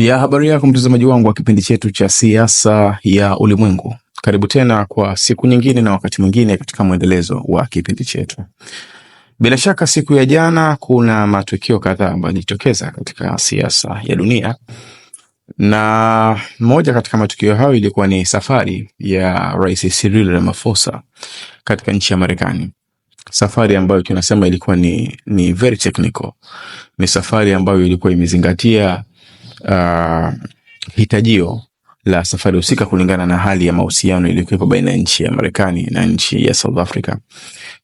Ya habari yako mtazamaji wangu wa kipindi chetu cha siasa ya ulimwengu, karibu tena kwa siku nyingine na wakati mwingine katika mwendelezo wa kipindi chetu. Bila shaka, siku ya jana kuna matukio kadhaa ambayo yalijitokeza katika siasa ya dunia, na moja katika matukio hayo ilikuwa ni safari ya Rais Cyril Ramaphosa katika nchi ya Marekani, safari ambayo tunasema ilikuwa ni, ni very technical. Ni safari ambayo ilikuwa imezingatia uh, hitajio la safari husika kulingana na hali ya mahusiano iliyokuwepo baina ya nchi ya Marekani na nchi ya South Africa.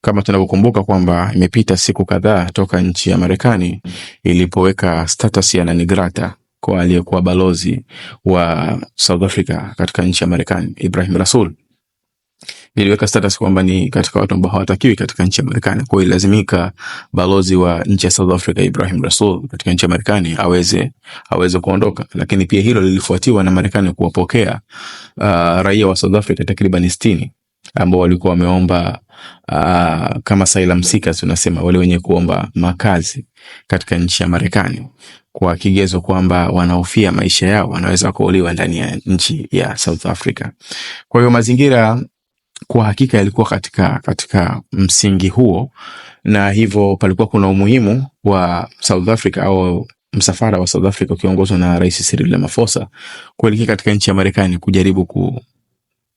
Kama tunavyokumbuka kwamba imepita siku kadhaa toka nchi ya Marekani ilipoweka status ya nani grata kwa aliyekuwa balozi wa South Africa katika nchi ya Marekani Ibrahim Rasul niliweka status kwamba ni katika watu ambao hawatakiwi katika nchi ya Marekani. Kwa hiyo lazimika balozi wa nchi ya South Africa Ibrahim Rasul katika nchi ya Marekani aweze aweze kuondoka, lakini pia hilo lilifuatiwa na Marekani kuwapokea uh, raia wa South Africa takriban 60 ambao walikuwa wameomba uh, kama asylum seekers tunasema wale wenye kuomba makazi katika nchi ya Marekani kwa kigezo kwamba wanahofia maisha yao wanaweza kuuliwa ndani ya nchi ya South Africa. Kwa hiyo mazingira kwa hakika yalikuwa katika, katika msingi huo, na hivyo palikuwa kuna umuhimu wa South Africa au msafara wa South Africa ukiongozwa na Rais Cyril Ramaphosa kuelekea katika nchi ya Marekani kujaribu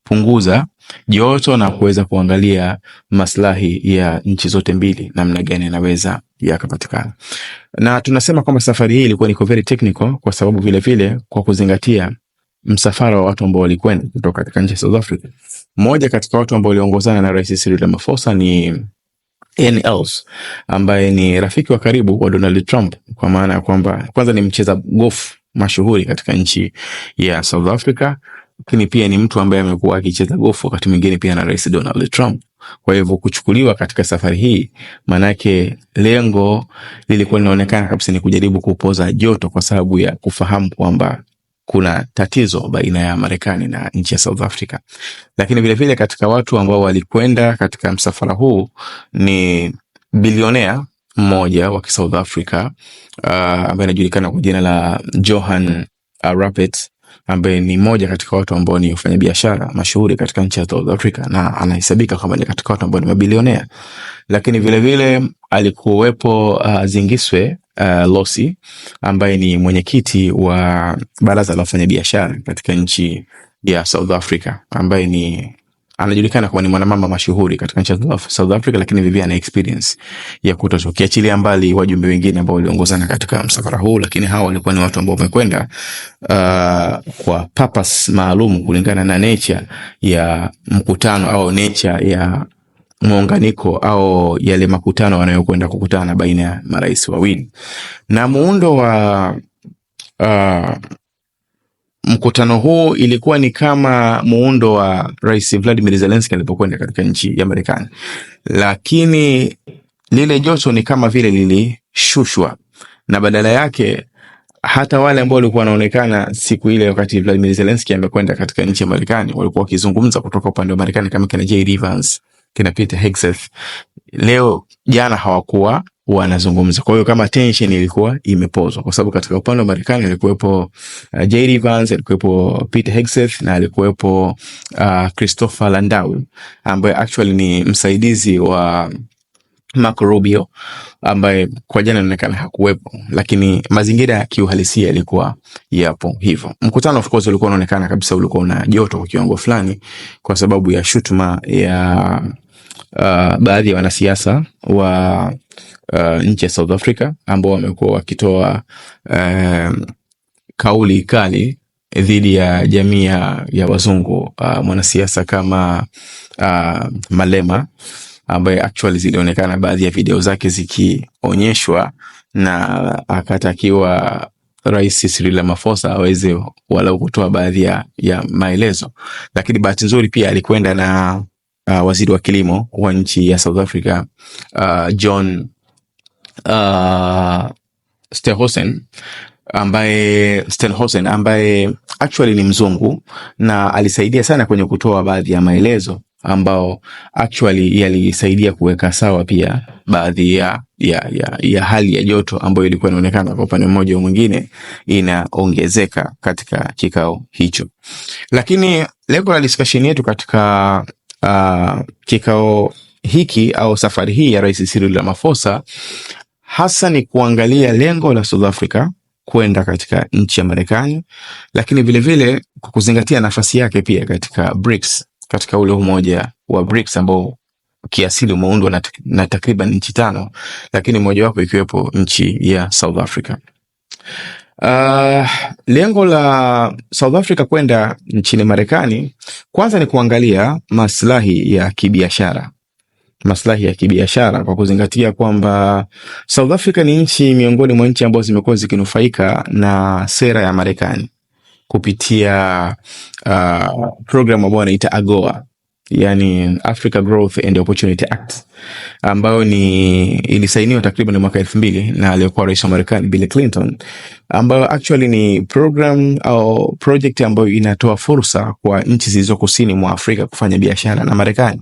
kupunguza joto na kuweza kuangalia maslahi ya nchi zote mbili, namna gani yanaweza yakapatikana. Na tunasema kwamba safari hii ilikuwa niko very technical kwa sababu vilevile vile, kwa kuzingatia msafara wa watu ambao walikwenda kutoka katika nchi ya South Africa mmoja katika watu ambao waliongozana na Rais Cyril Ramaphosa ni Ian Els ambaye ni rafiki wa karibu wa Donald Trump, kwa maana ya kwamba kwanza ni mcheza golf mashuhuri katika nchi ya South Africa, lakini pia ni mtu ambaye amekuwa akicheza golf wakati mwingine pia na Rais Donald Trump. Kwa hivyo kuchukuliwa katika safari hii, maanake lengo lilikuwa linaonekana kabisa ni kujaribu kupoza joto, kwa sababu ya kufahamu kwamba kuna tatizo baina ya Marekani na nchi ya South Africa, lakini vilevile katika watu ambao walikwenda katika msafara huu ni bilionea mmoja wa South Africa uh, ambaye anajulikana kwa jina la Johan uh, Rupert ambaye ni mmoja katika watu ambao ni wafanyabiashara mashuhuri katika nchi ya South Africa na anahesabika kama ni katika watu ambao ni mabilionea, lakini vilevile alikuwepo uh, Zingiswe uh, eh, Losi ambaye ni mwenyekiti wa baraza la wafanyabiashara katika nchi ya South Africa ambaye ni anajulikana kuwa ni mwanamama mashuhuri katika nchi ya South Africa, lakini vivyo ana experience ya kutosha, ukiachilia mbali wajumbe wengine ambao waliongozana katika msafara huu, lakini hawa walikuwa ni watu ambao wamekwenda uh, kwa purpose maalum kulingana na nature ya mkutano au nature ya muunganiko au yale makutano wanayokwenda kukutana baina ya marais wawili na muundo wa uh, mkutano huu ilikuwa ni kama muundo wa Rais Vladimir Zelensky alipokwenda katika nchi ya Marekani, lakini lile joto ni kama vile lilishushwa, na badala yake hata wale ambao walikuwa wanaonekana siku ile wakati Vladimir Zelensky amekwenda katika nchi ya Marekani walikuwa wakizungumza kutoka upande wa Marekani kama kina J D kina Peter Hegseth leo jana hawakuwa wanazungumza. Kwa hiyo kama tension ilikuwa imepozwa, kwa sababu katika upande wa Marekani alikuwepo uh, JD Vance, alikuwepo Peter Hegseth na alikuwepo uh, Christopher Landau ambaye actually ni msaidizi wa Marco Rubio ambaye kwa jana inaonekana hakuwepo, lakini mazingira ya kiuhalisia yalikuwa yapo hivyo. Mkutano of course ulikuwa unaonekana kabisa ulikuwa una joto kwa kiwango fulani, kwa sababu ya shutuma ya uh, baadhi ya wanasiasa wa uh, nchi ya South Africa ambao wamekuwa wakitoa uh, kauli kali dhidi ya jamii ya wazungu uh, mwanasiasa kama uh, Malema ambaye actually zilionekana baadhi ya video zake zikionyeshwa na akatakiwa Rais Cyril Ramaphosa aweze walau kutoa baadhi ya, ya maelezo, lakini bahati nzuri pia alikwenda na uh, waziri wa kilimo wa nchi ya South Africa uh, John uh, Stehosen ambaye Stenhosen ambaye actually ni mzungu na alisaidia sana kwenye kutoa baadhi ya maelezo ambao actually yalisaidia kuweka sawa pia baadhi ya, ya, ya, ya hali ya joto ambayo ilikuwa inaonekana kwa upande mmoja au mwingine inaongezeka katika kikao hicho. Lakini lengo la discussion yetu katika uh, kikao hiki au safari hii ya Rais Cyril Ramaphosa hasa ni kuangalia lengo la South Africa kwenda katika nchi ya Marekani, lakini vilevile kwa kuzingatia nafasi yake pia katika BRICS katika ule umoja wa BRICS ambao kiasili umeundwa na, takriban nchi tano lakini mojawapo ikiwepo nchi ya South Africa. Uh, lengo la South Africa kwenda nchini Marekani kwanza ni kuangalia maslahi ya kibiashara maslahi ya kibiashara kwa kuzingatia kwamba South Africa ni nchi miongoni mwa nchi ambazo zimekuwa zikinufaika na sera ya Marekani kupitia uh, program ambayo wanaita AGOA, yani Africa Growth and Opportunity Act ambayo ni ilisainiwa takriban mwaka elfu mbili na aliyokuwa rais wa Marekani Bill Clinton, ambayo actually ni program au project ambayo inatoa fursa kwa nchi zilizo kusini mwa Afrika kufanya biashara na Marekani,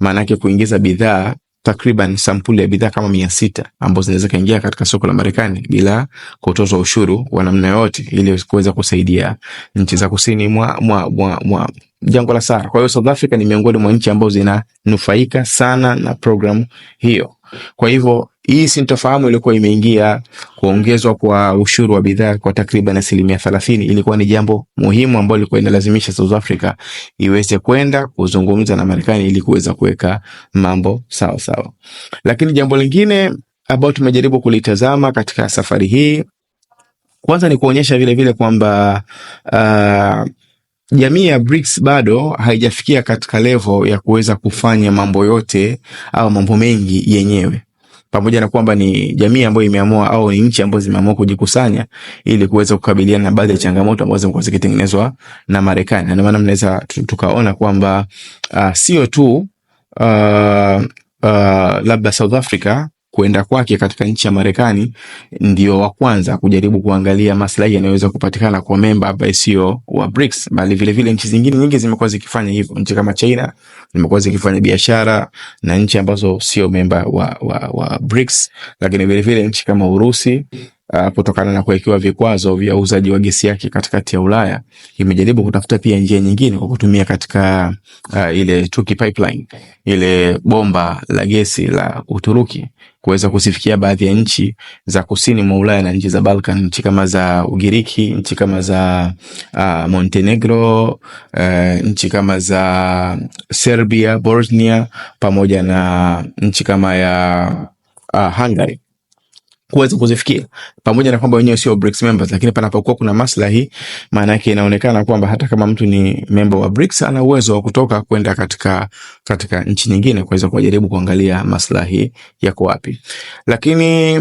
maanake kuingiza bidhaa takriban sampuli ya bidhaa kama mia sita ambazo zinaweza kaingia katika soko la Marekani bila kutozwa ushuru wa namna yoyote, ili kuweza kusaidia nchi za kusini mwa, mwa, mwa, mwa jangwa la Sahara. Kwa hiyo South Africa ni miongoni mwa nchi ambazo zinanufaika sana na programu hiyo. Kwa hivyo hii sintofahamu ilikuwa imeingia. Kuongezwa kwa ushuru wa bidhaa kwa takriban asilimia thelathini ilikuwa ni jambo muhimu ambalo ilikuwa inalazimisha South Africa iweze kwenda kuzungumza na Marekani ili kuweza kuweka mambo sawa sawa. Lakini jambo lingine ambayo tumejaribu kulitazama katika safari hii kwanza ni kuonyesha vilevile kwamba uh, Jamii ya BRICS bado haijafikia katika levo ya kuweza kufanya mambo yote au mambo mengi yenyewe, pamoja na kwamba ni jamii ambayo imeamua au ni nchi ambazo zimeamua kujikusanya ili kuweza kukabiliana na baadhi ya changamoto ambazo zimekuwa zikitengenezwa na Marekani. Ndio maana mnaweza tukaona kwamba ah, sio tu uh, uh, labda South Africa kuenda kwake katika nchi ya Marekani, ndio wa kwanza kujaribu kuangalia maslahi yanayoweza kupatikana kwa memba ambaye sio wa BRICS, bali vile vile nchi zingine nyingi zimekuwa zikifanya hivyo. Nchi kama China zimekuwa zikifanya biashara na nchi ambazo sio memba wa, wa, wa BRICS, lakini vile vile nchi kama Urusi uh, kutokana na kuwekewa vikwazo vya uuzaji wa gesi yake katikati ya Ulaya, imejaribu kutafuta pia njia nyingine kwa kutumia katika uh, ile Turkey pipeline, ile bomba la gesi la Uturuki kuweza kuzifikia baadhi ya nchi za kusini mwa Ulaya na nchi za Balkan, nchi kama za Ugiriki, nchi kama za uh, Montenegro, uh, nchi kama za Serbia, Bosnia pamoja na nchi kama ya uh, Hungary kuweza kuzifikia, pamoja na kwamba wenyewe sio BRICS members, lakini panapokuwa kuna maslahi, maana yake inaonekana kwamba hata kama mtu ni member wa BRICS ana uwezo wa kutoka kwenda katika katika nchi nyingine kuweza kujaribu kuangalia maslahi yako wapi. Lakini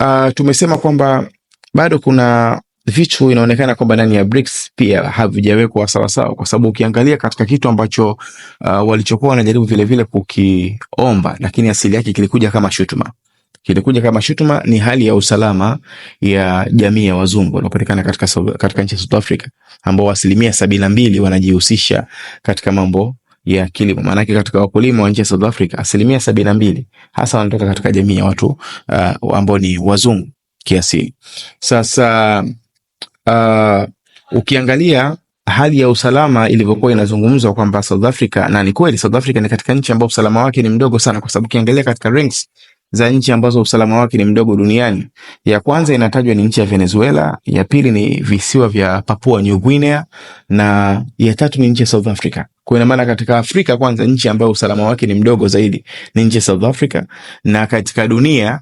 uh, tumesema kwamba bado kuna vichu inaonekana kwamba ndani ya BRICS pia havijawekwa sawasawa, kwa sababu ukiangalia katika kitu ambacho uh, walichokuwa wanajaribu vilevile kukiomba, lakini asili yake kilikuja kama shutuma kilikuja kama shutuma ni hali ya usalama ya jamii ya wazungu wanaopatikana katika, katika nchi ya South Africa ambao asilimia sabini na mbili wanajihusisha katika mambo ya kilimo. Maanake katika wakulima wa nchi ya South Africa asilimia sabini na mbili hasa wanatoka katika jamii ya watu uh, ambao ni wazungu kiasili. Sasa uh, ukiangalia hali ya usalama ilivyokuwa inazungumzwa kwamba South Africa, na ni kweli South Africa ni katika nchi ambayo usalama wake ni mdogo sana, kwa sababu ukiangalia katika ranks uh, za nchi ambazo usalama wake ni mdogo duniani. Ya kwanza inatajwa ni nchi ya Venezuela, ya pili ni visiwa vya Papua New Guinea na ya tatu ni nchi ya South Africa. Kwa ina maana katika Afrika kwanza, nchi ambayo usalama wake ni mdogo zaidi ni nchi ya South Africa, na katika dunia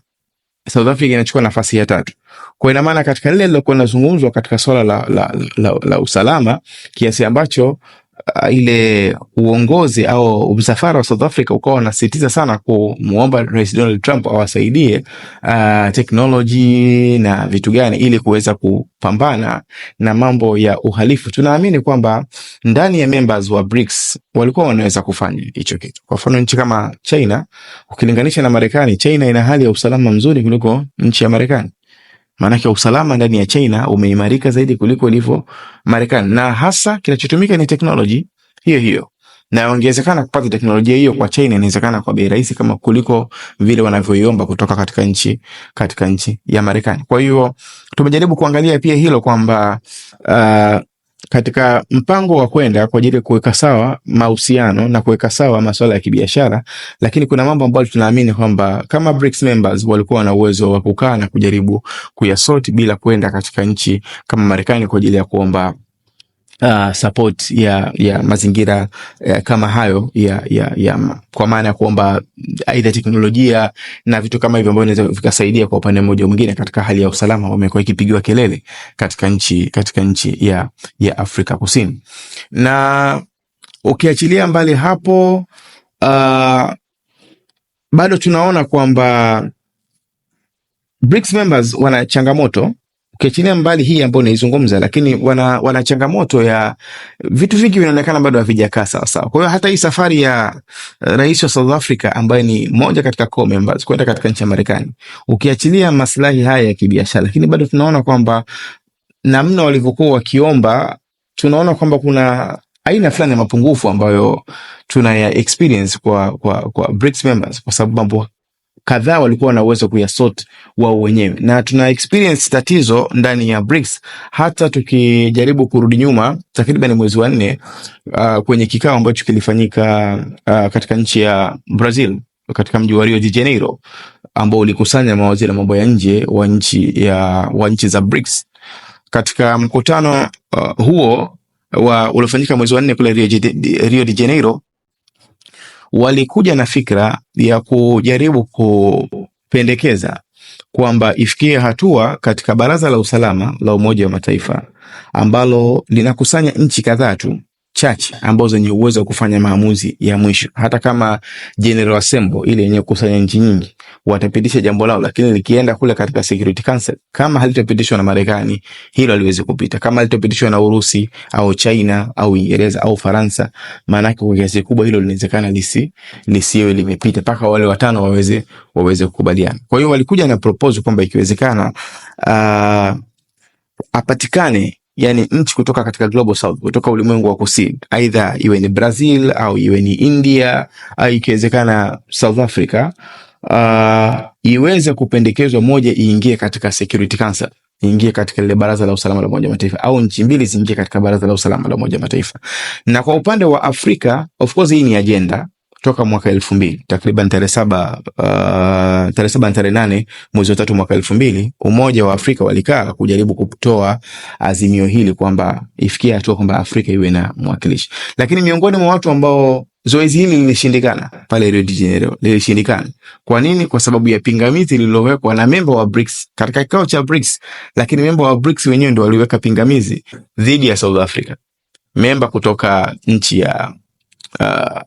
South Africa inachukua nafasi ya tatu. Kwa ina maana katika lile lilokuwa linazungumzwa katika swala la, la, la, la usalama kiasi ambacho Uh, ile uongozi au msafara wa South Africa ukawa unasisitiza sana kumwomba Rais Donald Trump awasaidie uh, teknoloji na vitu gani ili kuweza kupambana na mambo ya uhalifu. Tunaamini kwamba ndani ya members wa BRICS walikuwa wanaweza kufanya hicho kitu. Kwa mfano nchi kama China ukilinganisha na Marekani, China ina hali ya usalama mzuri kuliko nchi ya Marekani. Maanake usalama ndani ya China umeimarika zaidi kuliko ilivyo Marekani, na hasa kinachotumika ni teknoloji hiyo hiyo, na ongezekana kupata teknolojia hiyo kwa China inawezekana kwa bei rahisi kama kuliko vile wanavyoiomba kutoka katika nchi katika nchi ya Marekani. Kwa hiyo tumejaribu kuangalia pia hilo kwamba uh, katika mpango wa kwenda kwa ajili ya kuweka sawa mahusiano na kuweka sawa masuala ya kibiashara, lakini kuna mambo ambayo tunaamini kwamba kama BRICS members walikuwa na uwezo wa kukaa na kujaribu kuyasoti bila kwenda katika nchi kama Marekani kwa ajili ya kuomba uh, support ya, ya mazingira ya uh, kama hayo ya, ya, ya, kwa maana ya kuomba aidha teknolojia na vitu kama hivyo ambavyo vinaweza vikasaidia kwa upande mmoja mwingine katika hali ya usalama, wamekuwa ikipigiwa kelele katika nchi, katika nchi ya, ya Afrika Kusini na ukiachilia mbali hapo uh, bado tunaona kwamba BRICS members wana changamoto ukiachilia mbali hii ambayo naizungumza, lakini wana, wana changamoto ya vitu vingi vinaonekana bado havijakaa sawasawa. sawa. Kwa hiyo hata hii safari ya eh, rais wa South Africa ambaye ni moja katika kome ambazo kwenda katika nchi ya Marekani, ukiachilia maslahi haya ya kibiashara, lakini bado tunaona kwamba namna walivyokuwa wakiomba, tunaona kwamba kuna aina fulani ya mapungufu ambayo tuna ya experience kwa, kwa, kwa BRICS members kwa sababu mambo kadhaa walikuwa na uwezo kuyasort wao wenyewe, na tuna experience tatizo ndani ya BRICS. Hata tukijaribu kurudi nyuma takriban mwezi wa nne uh, kwenye kikao ambacho kilifanyika uh, katika nchi ya Brazil katika mji wa Rio de Janeiro ambao ulikusanya mawaziri wa mambo ya nje wa nchi ya wa nchi za BRICS. Katika mkutano uh, huo wa uliofanyika mwezi wa nne kule Rio de Janeiro walikuja na fikra ya kujaribu kupendekeza kwamba ifikie hatua katika Baraza la Usalama la Umoja wa Mataifa ambalo linakusanya nchi kadhaa tu chache ambazo zenye uwezo wa kufanya maamuzi ya mwisho. Hata kama General Assembly ile yenye kusanya nchi nyingi watapitisha jambo lao, lakini likienda kule katika Security Council, kama halitapitishwa na Marekani, hilo haliwezi kupita. Kama halitapitishwa na Urusi au China au Uingereza au Faransa, maana yake kwa kiasi kikubwa hilo linawezekana lisi lisiwe limepita mpaka wale watano waweze waweze kukubaliana. Kwa hiyo walikuja na proposal kwamba ikiwezekana, uh, apatikane yani nchi kutoka katika global south, kutoka ulimwengu wa kusini, aidha iwe ni Brazil au iwe ni India au ikiwezekana South Africa, uh, iweze kupendekezwa moja iingie katika Security Council ingie katika lile baraza la usalama la Umoja Mataifa au nchi mbili ziingie katika baraza la usalama la Umoja Mataifa. Na kwa upande wa Afrika, of course hii ni ajenda toka mwaka elfu mbili takriban tarehe saba uh, tarehe saba na tarehe nane mwezi wa tatu mwaka elfu mbili Umoja wa Afrika walikaa kujaribu kutoa azimio hili kwamba ifikie hatua kwamba Afrika iwe na mwakilishi, lakini miongoni mwa watu ambao zoezi hili lilishindikana pale Rio de Janeiro lilishindikana. Kwa nini? Kwa sababu ya pingamizi lililowekwa na memba wa BRICS katika kikao cha BRICS, lakini memba wa BRICS wenyewe ndio waliweka pingamizi dhidi ya South Africa, memba kutoka nchi ya uh,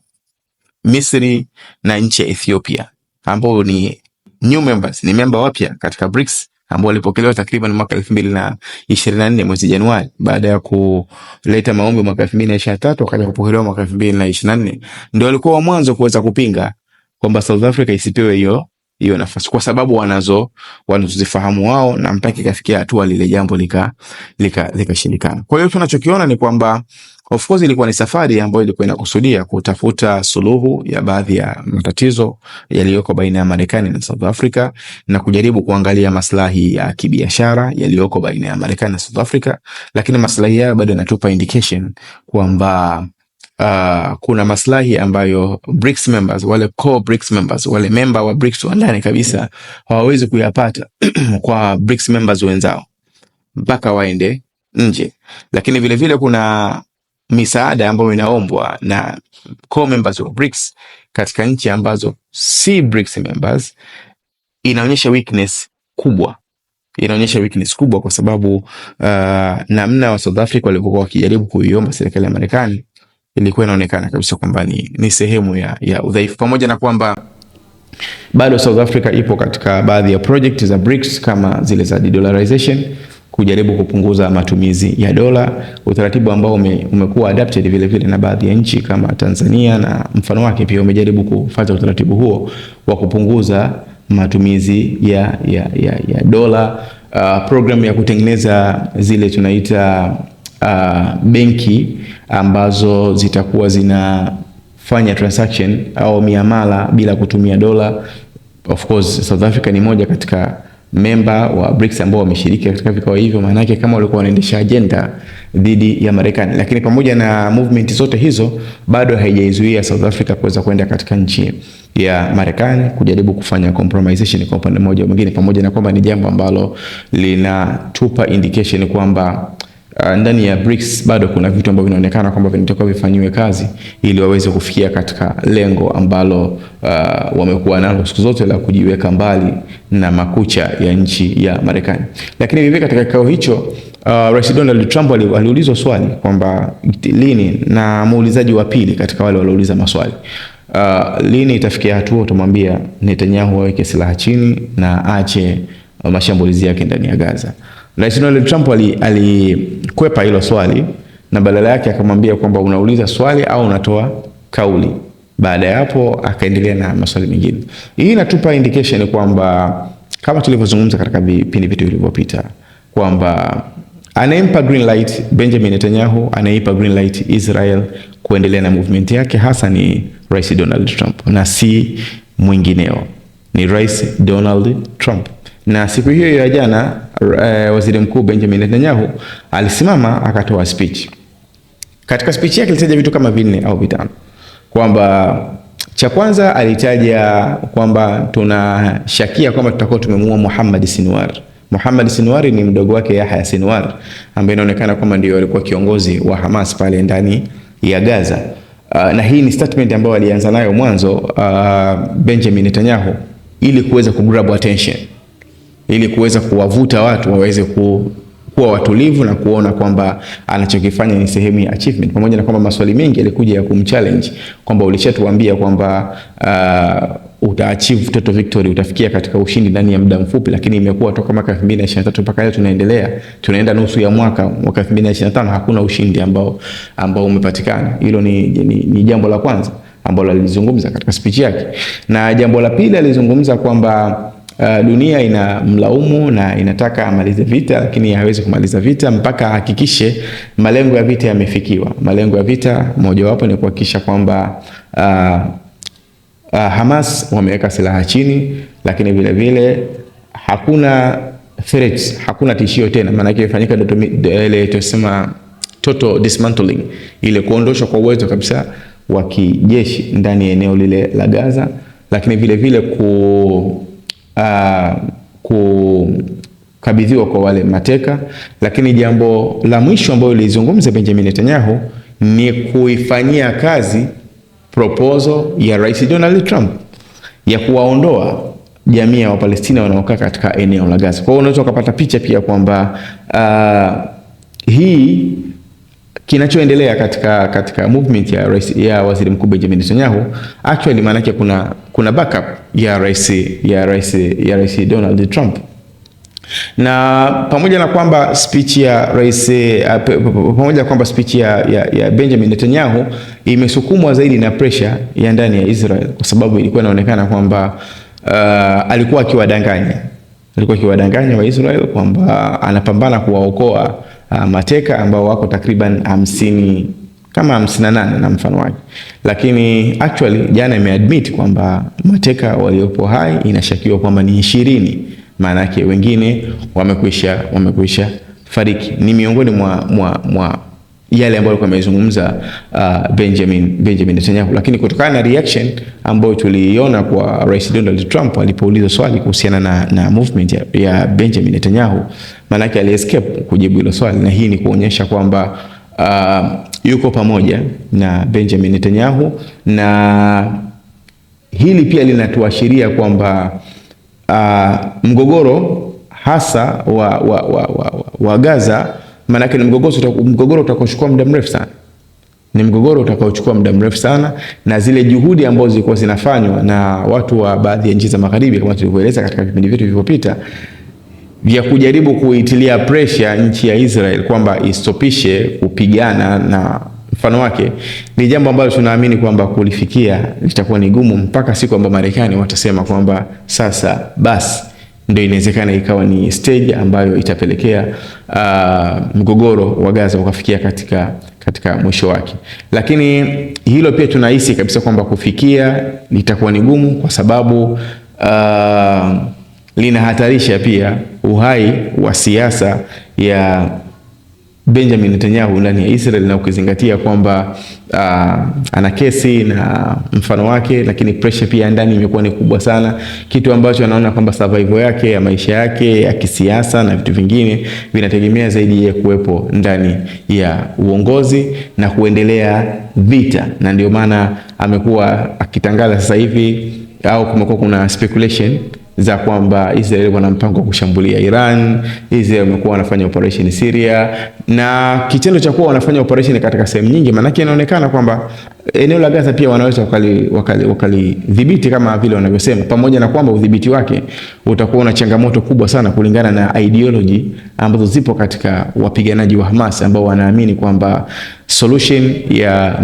Misri na nchi ya Ethiopia ambao ni new members, ni memba wapya katika BRICS ambao walipokelewa takriban mwaka elfu mbili na ishirini na nne mwezi Januari, baada ya kuleta maombi mwaka elfu mbili na ishirini na tatu wakaja kupokelewa mwaka elfu mbili na ishirini na nne Ndio walikuwa wa mwanzo kuweza kupinga kwamba South Africa isipewe hiyo hiyo nafasi kwa sababu wanazo wanazozifahamu wao, na mpaka ikafikia hatua lile jambo lika lika likashindikana. Kwa hiyo tunachokiona ni kwamba Of course ilikuwa ni safari ambayo ilikuwa inakusudia kutafuta suluhu ya baadhi ya matatizo yaliyoko baina ya Marekani na South Africa na kujaribu kuangalia maslahi ya kibiashara yaliyoko baina ya Marekani na South Africa, lakini maslahi hayo bado yanatupa indication kwamba Uh, kuna maslahi ambayo BRICS members, wale core BRICS members, wale member wa BRICS wa ndani kabisa hawawezi kuyapata kwa BRICS members wenzao mpaka waende nje, lakini vilevile vile kuna misaada ambayo inaombwa na core members of BRICS katika nchi ambazo si BRICS members inaonyesha weakness kubwa inaonyesha weakness kubwa kwa sababu uh, namna wa South Africa walivyokuwa wakijaribu kuiomba serikali ya Marekani ilikuwa inaonekana kabisa kwamba ni, ni sehemu ya, ya udhaifu pamoja na kwamba bado South Africa ipo katika baadhi ya project za BRICS kama zile za de-dollarization kujaribu kupunguza matumizi ya dola, utaratibu ambao ume, umekuwa adapted vile vile na baadhi ya nchi kama Tanzania na mfano wake pia umejaribu kufuata utaratibu huo wa kupunguza matumizi ya, ya, ya, ya dola. Uh, ah, programu ya kutengeneza zile tunaita uh, benki ambazo zitakuwa zinafanya transaction au miamala bila kutumia dola. Of course South Africa ni moja katika memba wa BRICS ambao wameshiriki katika vikao hivyo, maana yake kama walikuwa wanaendesha ajenda dhidi ya Marekani. Lakini pamoja na movement zote hizo, bado haijaizuia South Africa kuweza kwenda katika nchi ya Marekani kujaribu kufanya compromisation kwa upande mmoja au mwingine, pamoja na kwamba ni jambo ambalo linatupa indication kwamba uh, ndani ya BRICS bado kuna vitu ambavyo vinaonekana kwamba vinatakiwa vifanyiwe kazi ili waweze kufikia katika lengo ambalo uh, wamekuwa nalo siku zote la kujiweka mbali na makucha ya nchi ya Marekani. Lakini vivyo katika kikao hicho uh, Rais Donald Trump aliulizwa swali kwamba lini, na muulizaji wa pili katika wale waliouliza maswali uh, lini itafikia hatua utamwambia Netanyahu aweke silaha chini na aache mashambulizi yake ndani ya Gaza. Rais Donald Trump alikwepa ali hilo swali na badala yake akamwambia kwamba unauliza swali au unatoa kauli. Baada ya hapo akaendelea na maswali mengine. Hii inatupa indication kwamba kama tulivyozungumza katika vipindi vitu vilivyopita kwamba anayempa green light Benjamin Netanyahu, anayeipa green light Israel kuendelea na movement yake hasa ni Rais Donald Trump na si mwingineo, ni Rais Donald Trump. Na siku hiyo ya jana uh, Waziri Mkuu Benjamin Netanyahu alisimama akatoa speech. Katika speech yake alitaja vitu kama vinne au vitano, kwamba cha kwanza alitaja kwamba tunashakia kwamba tutakuwa tumemuua Muhammad Sinwar. Muhammad Sinwar ni mdogo wake Yahya Sinwar ambaye inaonekana kwamba ndio alikuwa kiongozi wa Hamas pale ndani ya Gaza. Uh, na hii ni statement ambayo alianza nayo mwanzo uh, Benjamin Netanyahu ili kuweza kugrab attention ili kuweza kuwavuta watu waweze ku kuwa watulivu na kuona kwamba anachokifanya ni sehemu ya achievement, pamoja na kwamba maswali mengi yalikuja ya kumchallenge kwamba ulishatuambia kwamba uh, utaachieve total victory, utafikia katika ushindi ndani ya muda mfupi, lakini imekuwa toka mwaka 2023 mpaka leo tunaendelea, tunaenda nusu ya mwaka, mwaka 2025 hakuna ushindi ambao ambao umepatikana. Hilo ni, ni, ni jambo la kwanza ambalo alizungumza katika speech yake, na jambo la pili alizungumza kwamba uh, dunia ina mlaumu na inataka amalize vita, lakini hawezi kumaliza vita mpaka ahakikishe malengo ya vita yamefikiwa. Malengo ya vita mojawapo ni kuhakikisha kwamba uh, uh, Hamas wameweka silaha chini, lakini vile vile hakuna threats, hakuna tishio tena, maana yake ifanyika ile tusema total dismantling, ile kuondoshwa kwa uwezo kabisa wa kijeshi ndani ya eneo lile la Gaza, lakini vile vile ku uh, kukabidhiwa kwa wale mateka. Lakini jambo la mwisho ambayo ilizungumza Benjamin Netanyahu ni kuifanyia kazi proposal ya Rais Donald Trump ya kuwaondoa jamii ya Wapalestina wanaokaa katika eneo la Gaza. Kwa hiyo unaweza ukapata picha pia kwamba uh, hii kinachoendelea katika, katika movement ya, rais, ya waziri mkuu Benjamin Netanyahu actually maana yake kuna, kuna backup ya rais, ya rais, ya rais Donald Trump na pamoja na kwamba speech ya rais eh, pamoja na kwamba speech ya, ya, ya Benjamin Netanyahu imesukumwa zaidi na pressure ya ndani ya Israel kwa sababu ilikuwa inaonekana kwamba uh, alikuwa akiwadanganya alikuwa akiwadanganya wa Israel kwamba anapambana kuwaokoa uh, mateka ambao wako takriban hamsini kama hamsini na nane na mfano wake, lakini actually jana imeadmit kwamba mateka waliopo hai inashakiwa kwamba ni ishirini. Maana yake wengine wamekwisha wamekwisha fariki. Ni miongoni mwa, mwa, mwa yale ambayo alikuwa amezungumza uh, ah, Benjamin Benjamin Netanyahu, lakini kutokana na reaction ambayo tuliiona kwa Rais Donald Trump alipouliza swali kuhusiana na, na movement ya, ya Benjamin Netanyahu maanake aliescape kujibu hilo swali, na hii ni kuonyesha kwamba uh, yuko pamoja na Benjamin Netanyahu, na hili pia linatuashiria kwamba uh, mgogoro hasa wa, wa, wa, wa, wa Gaza maanake ni mgogoro utakaochukua muda mrefu sana ni mgogoro utakaochukua muda mrefu sana, na zile juhudi ambazo zilikuwa zinafanywa na watu wa baadhi ya nchi za Magharibi kama tulivyoeleza katika vipindi vyetu vilivyopita vya kujaribu kuitilia presha nchi ya Israel kwamba istopishe kupigana na mfano wake, ni jambo ambalo tunaamini kwamba kulifikia litakuwa ni gumu mpaka siku ambayo Marekani watasema kwamba sasa basi ndio inawezekana ikawa ni stage ambayo itapelekea uh, mgogoro wa Gaza ukafikia katika, katika mwisho wake. Lakini hilo pia tunahisi kabisa kwamba kufikia litakuwa ni gumu kwa sababu uh, linahatarisha pia uhai wa siasa ya Benjamin Netanyahu ndani ya Israel na ukizingatia kwamba uh, ana kesi na mfano wake, lakini pressure pia ndani imekuwa ni kubwa sana, kitu ambacho anaona kwamba survival yake ya maisha yake ya kisiasa na vitu vingine vinategemea zaidi ya kuwepo ndani ya uongozi na kuendelea vita, na ndio maana amekuwa akitangaza sasa hivi au kumekuwa kuna speculation za kwamba Israeli wana mpango wa kushambulia Iran, Israeli wamekuwa wanafanya operation Syria, na kitendo cha kuwa wanafanya operation katika sehemu nyingi, maanake inaonekana kwamba eneo la Gaza pia wanaweza wakali wakalidhibiti kama vile wanavyosema, pamoja na kwamba udhibiti wake utakuwa na changamoto kubwa sana kulingana na ideology ambazo zipo katika wapiganaji wa Hamas ambao wanaamini kwamba solution ya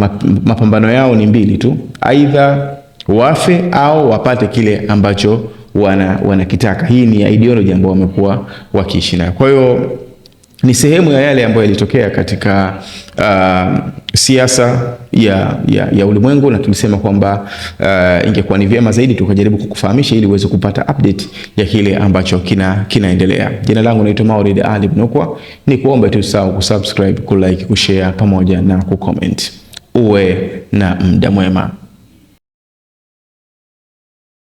mapambano yao ni mbili tu, aidha wafe au wapate kile ambacho wana wanakitaka. Hii ni ideology ambayo wamekuwa wakiishi nayo. Kwa hiyo ni sehemu ya yale ambayo yalitokea katika uh, siasa ya, ya, ya ulimwengu, na tulisema kwamba uh, ingekuwa ni vyema zaidi tukajaribu kukufahamisha ili uweze kupata update ya kile ambacho kina kinaendelea. Jina langu naitwa Maulid Ali Mnukwa, ni kuomba tu usahau kusubscribe, kulike, kushare pamoja na kucomment. Uwe na muda mwema.